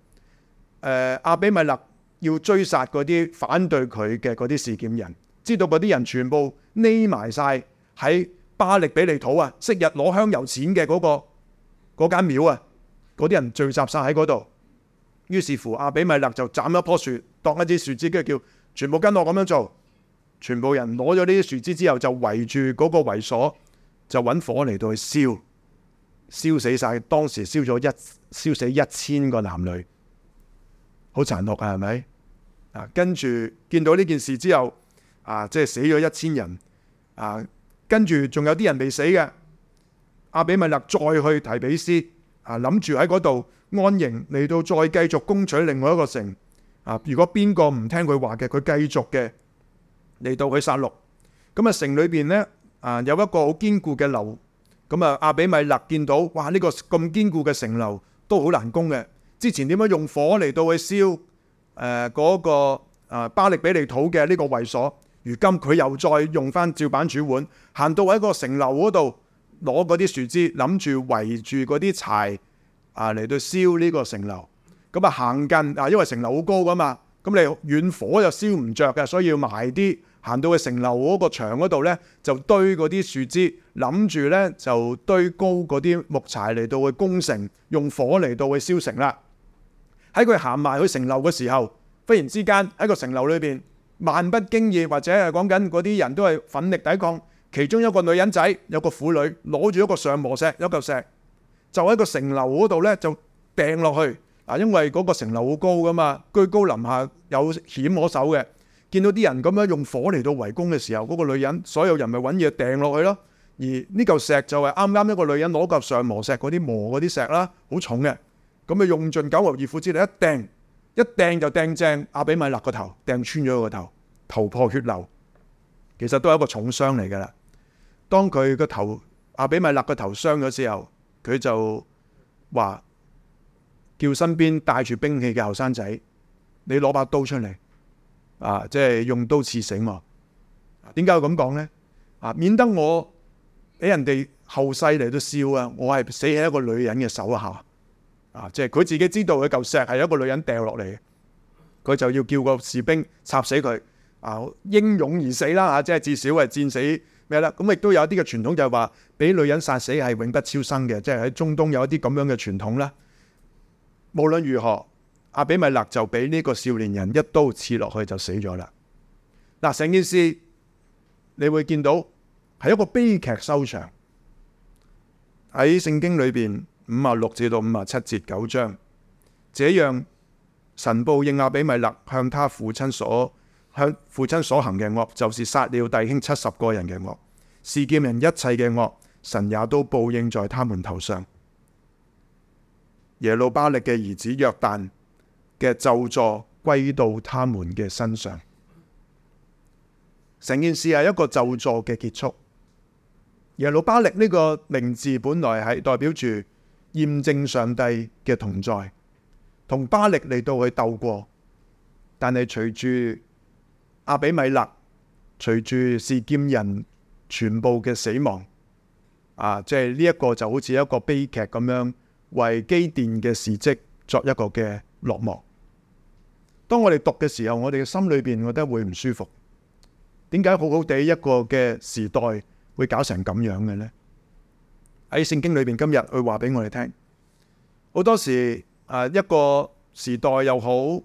呃。阿比米勒要追殺嗰啲反對佢嘅嗰啲示劍人，知道嗰啲人全部匿埋晒喺巴力比利土啊，昔日攞香油錢嘅嗰個嗰間廟啊，嗰啲人聚集晒喺嗰度。於是乎，阿比米勒就斬一棵樹，當了一支樹枝，跟住叫。全部跟我咁樣做，全部人攞咗呢啲樹枝之後就圍，就圍住嗰個圍所，就揾火嚟到去燒，燒死晒。當時燒咗一燒死一千個男女，好殘酷啊！係咪啊？跟住見到呢件事之後，啊，即係死咗一千人啊，跟住仲有啲人未死嘅。阿比米勒再去提比斯啊，諗住喺嗰度安營嚟到，再繼續攻取另外一個城。啊！如果邊個唔聽佢話嘅，佢繼續嘅嚟到去殺戮。咁啊，城裏邊呢，啊，有一個好堅固嘅樓。咁啊，亞比米勒見到，哇！呢、這個咁堅固嘅城樓都好難攻嘅。之前點樣用火嚟到去燒嗰、呃那個、呃、巴力比利土嘅呢個衛所？如今佢又再用翻照板煮碗，行到喺個城樓嗰度攞嗰啲樹枝，諗住圍住嗰啲柴啊嚟到燒呢個城樓。咁啊，行近啊，因為城樓好高噶嘛，咁你遠火就燒唔着嘅，所以要埋啲行到去城樓嗰個牆嗰度呢，就堆嗰啲樹枝，諗住呢，就堆高嗰啲木柴嚟到去攻城，用火嚟到去燒城啦。喺佢行埋去城樓嘅時候，忽然之間喺個城樓裏邊，漫不經意或者係講緊嗰啲人都係奮力抵抗，其中一個女人仔有個婦女攞住一個上磨石，有一嚿石就喺個城樓嗰度呢，就掟落去。啊，因為嗰個城樓好高噶嘛，居高臨下，有險可守嘅。見到啲人咁樣用火嚟到圍攻嘅時候，嗰個女人，所有人咪揾嘢掟落去咯。而呢嚿石就係啱啱一個女人攞嚿上磨石，嗰啲磨嗰啲石啦，好重嘅。咁咪用盡九牛二虎之力，一掟一掟就掟正阿比米勒個頭，掟穿咗佢個頭，頭破血流，其實都係一個重傷嚟噶啦。當佢個頭，阿比米勒個頭傷咗之後，佢就話。叫身邊帶住兵器嘅後生仔，你攞把刀出嚟，啊，即係用刀刺死嘛。點解要咁講呢？啊，免得我俾人哋後世嚟都笑啊！我係死喺一個女人嘅手下，啊，即係佢自己知道佢嚿石係一個女人掉落嚟，佢就要叫個士兵插死佢，啊，英勇而死啦！啊，即係至少係戰死咩咧？咁亦都有一啲嘅傳統就係話，俾女人殺死係永不超生嘅，即係喺中東有一啲咁樣嘅傳統啦。無論如何，阿比米勒就俾呢個少年人一刀刺落去就死咗啦。嗱，成件事你會見到係一個悲劇收場。喺聖經裏邊五十六至到五十七節九章，這樣神報應阿比米勒向他父親所向父親所行嘅惡，就是殺了弟兄七十個人嘅惡，示劍人一切嘅惡，神也都報應在他們頭上。耶路巴力嘅兒子約坦嘅咒詛歸到他們嘅身上，成件事係一個咒詛嘅結束。耶路巴力呢個名字本來係代表住驗證上帝嘅同在，同巴力嚟到去鬥過，但係隨住阿比米勒，隨住持劍人全部嘅死亡，啊，即係呢一個就好似一個悲劇咁樣。為基甸嘅事蹟作一個嘅落幕。當我哋讀嘅時候，我哋嘅心裏邊覺得會唔舒服。點解好好地一個嘅時代會搞成咁樣嘅呢？喺聖經裏邊，今日佢話俾我哋聽，好多時、啊、一個時代又好，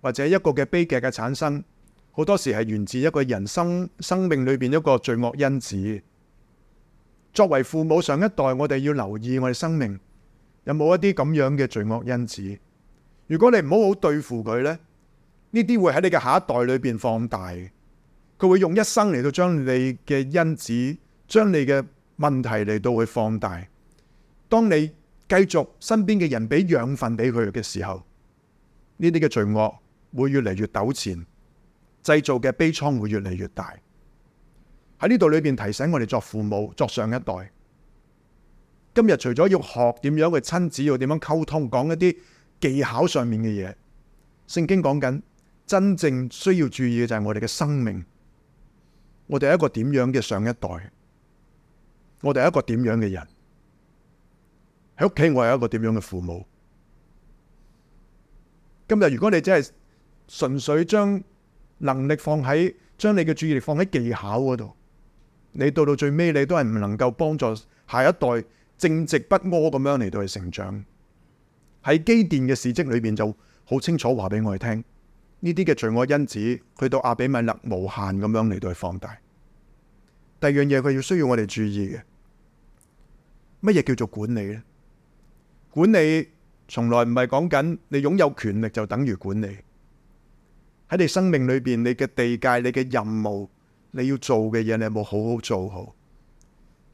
或者一個嘅悲劇嘅產生，好多時係源自一個人生生命裏邊一個罪惡因子。作為父母上一代，我哋要留意我哋生命。有冇一啲咁樣嘅罪惡因子？如果你唔好好對付佢呢，呢啲會喺你嘅下一代裏面放大。佢會用一生嚟到將你嘅因子、將你嘅問題嚟到去放大。當你繼續身邊嘅人俾養分俾佢嘅時候，呢啲嘅罪惡會越嚟越糾纏，製造嘅悲慘會越嚟越大。喺呢度裏面提醒我哋作父母、作上一代。今日除咗要學點樣嘅親子要點樣溝通，講一啲技巧上面嘅嘢。聖經講緊真正需要注意嘅就係我哋嘅生命，我哋係一個點樣嘅上一代，我哋係一個點樣嘅人。喺屋企我係一個點樣嘅父母。今日如果你真係純粹將能力放喺，將你嘅注意力放喺技巧嗰度，你到到最尾你都係唔能夠幫助下一代。正直不阿咁樣嚟到去成長，喺基甸嘅事蹟裏邊就好清楚話俾我哋聽，呢啲嘅罪惡因子，去到亞比米勒無限咁樣嚟到去放大。第二樣嘢佢要需要我哋注意嘅，乜嘢叫做管理咧？管理從來唔係講緊你擁有權力就等於管理。喺你生命裏邊，你嘅地界、你嘅任務、你要做嘅嘢，你有冇好好做好？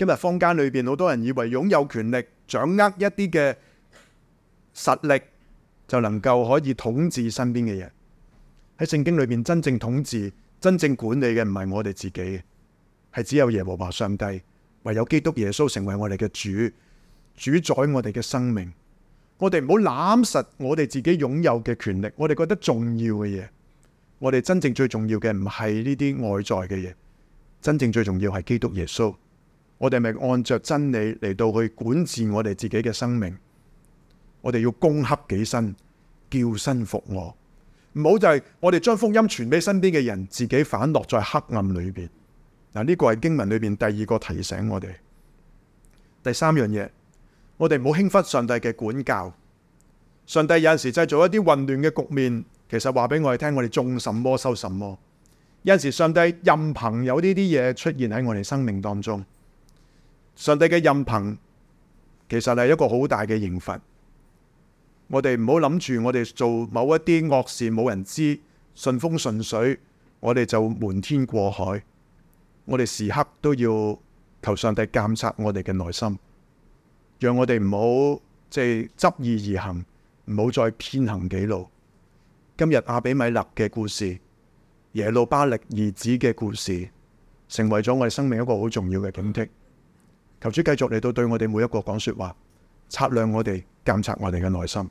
今日坊間裏邊好多人以為擁有權力，掌握一啲嘅實力就能夠可以統治身邊嘅人。喺聖經裏邊，真正統治、真正管理嘅唔係我哋自己，係只有耶和華上帝。唯有基督耶穌成為我哋嘅主，主宰我哋嘅生命。我哋唔好攬實我哋自己擁有嘅權力，我哋覺得重要嘅嘢，我哋真正最重要嘅唔係呢啲外在嘅嘢，真正最重要係基督耶穌。我哋咪按着真理嚟到去管治我哋自己嘅生命。我哋要攻克己身，叫身服我。唔好就係我哋將福音傳俾身邊嘅人，自己反落在黑暗裏邊嗱。呢個係經文裏邊第二個提醒我哋。第三樣嘢，我哋唔好輕忽上帝嘅管教。上帝有陣時製造一啲混亂嘅局面，其實話俾我哋聽，我哋種什麼收什麼。有陣時上帝任憑有呢啲嘢出現喺我哋生命當中。上帝嘅任憑，其實係一個好大嘅刑罰。我哋唔好諗住我哋做某一啲惡事冇人知，順風順水，我哋就瞞天過海。我哋時刻都要求上帝監察我哋嘅內心，讓我哋唔好即係執意而行，唔好再偏行己路。今日阿比米勒嘅故事，耶路巴力兒子嘅故事，成為咗我哋生命一個好重要嘅警惕。求主繼續嚟到對我哋每一個講說話，測量我哋，監察我哋嘅內心。